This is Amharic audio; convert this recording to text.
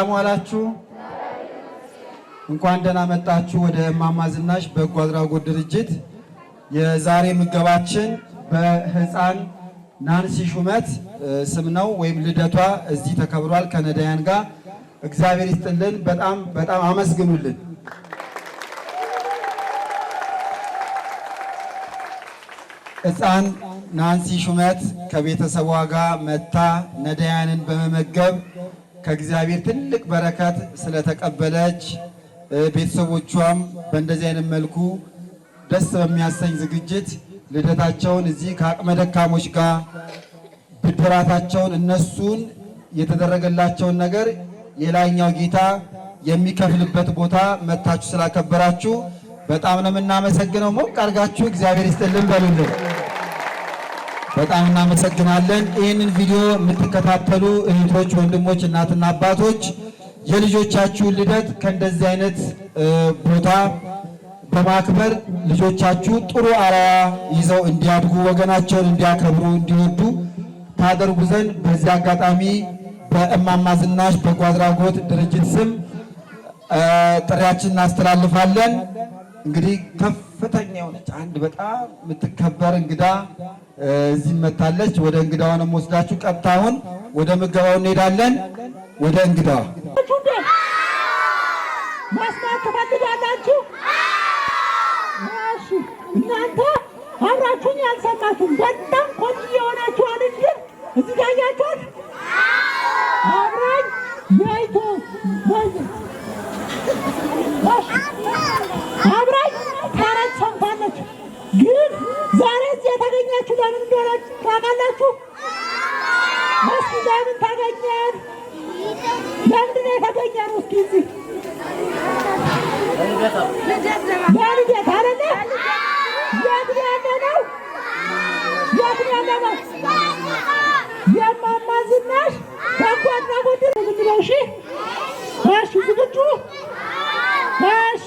ሰላም ዋላችሁ። እንኳን ደህና መጣችሁ ወደ እማማ ዝናሽ በጎ አድራጎት ድርጅት። የዛሬ ምገባችን በህፃን ናንሲ ሹመት ስም ነው ወይም ልደቷ እዚህ ተከብሯል ከነዳያን ጋር እግዚአብሔር ይስጥልን። በጣም በጣም አመስግኑልን። ህፃን ናንሲ ሹመት ከቤተሰቧ ጋር መታ ነዳያንን በመመገብ ከእግዚአብሔር ትልቅ በረከት ስለተቀበለች ቤተሰቦቿም በእንደዚህ አይነት መልኩ ደስ በሚያሰኝ ዝግጅት ልደታቸውን እዚህ ከአቅመ ደካሞች ጋር ብድራታቸውን እነሱን የተደረገላቸውን ነገር የላይኛው ጌታ የሚከፍልበት ቦታ መታችሁ ስላከበራችሁ በጣም ነው የምናመሰግነው። ሞቅ አድርጋችሁ እግዚአብሔር ይስጥልን በሉልን። በጣም እናመሰግናለን። ይህንን ቪዲዮ የምትከታተሉ እህቶች፣ ወንድሞች፣ እናትና አባቶች የልጆቻችሁን ልደት ከእንደዚህ አይነት ቦታ በማክበር ልጆቻችሁ ጥሩ አርአያ ይዘው እንዲያድጉ ወገናቸውን እንዲያከብሩ እንዲወዱ ታደርጉ ዘንድ በዚህ አጋጣሚ በእማማ ዝናሽ በጎ አድራጎት ድርጅት ስም ጥሪያችን እናስተላልፋለን። እንግዲህ ከፍ ከፍተኛ የሆነች አንድ በጣም የምትከበር እንግዳ እዚህ መታለች። ወደ እንግዳዋ ነው የምወስዳችሁ። ቀጥታ አሁን ወደ ምገባው እንሄዳለን። ወደ እንግዳዋ ትፈልጋላችሁ? እናንተ ያልሰማችሁም በጣም ቆንጆ የሆናችኋል። እዚህ ጋያችሁት አብራኝ ታውቃላችሁ? ለምን እንደሆነ ታውቃላችሁ? እስኪ ለምን ተገኘን? ለምንድን ነው የተገኘን? እስኪ እዚህ በልደት አይደለ? የት ነው ያለነው? የት ነው የማማ ዝናሽ በጎ አድራጎት ዝግጁ ነው? እሺ፣ እሺ፣ ዝግጁ እሺ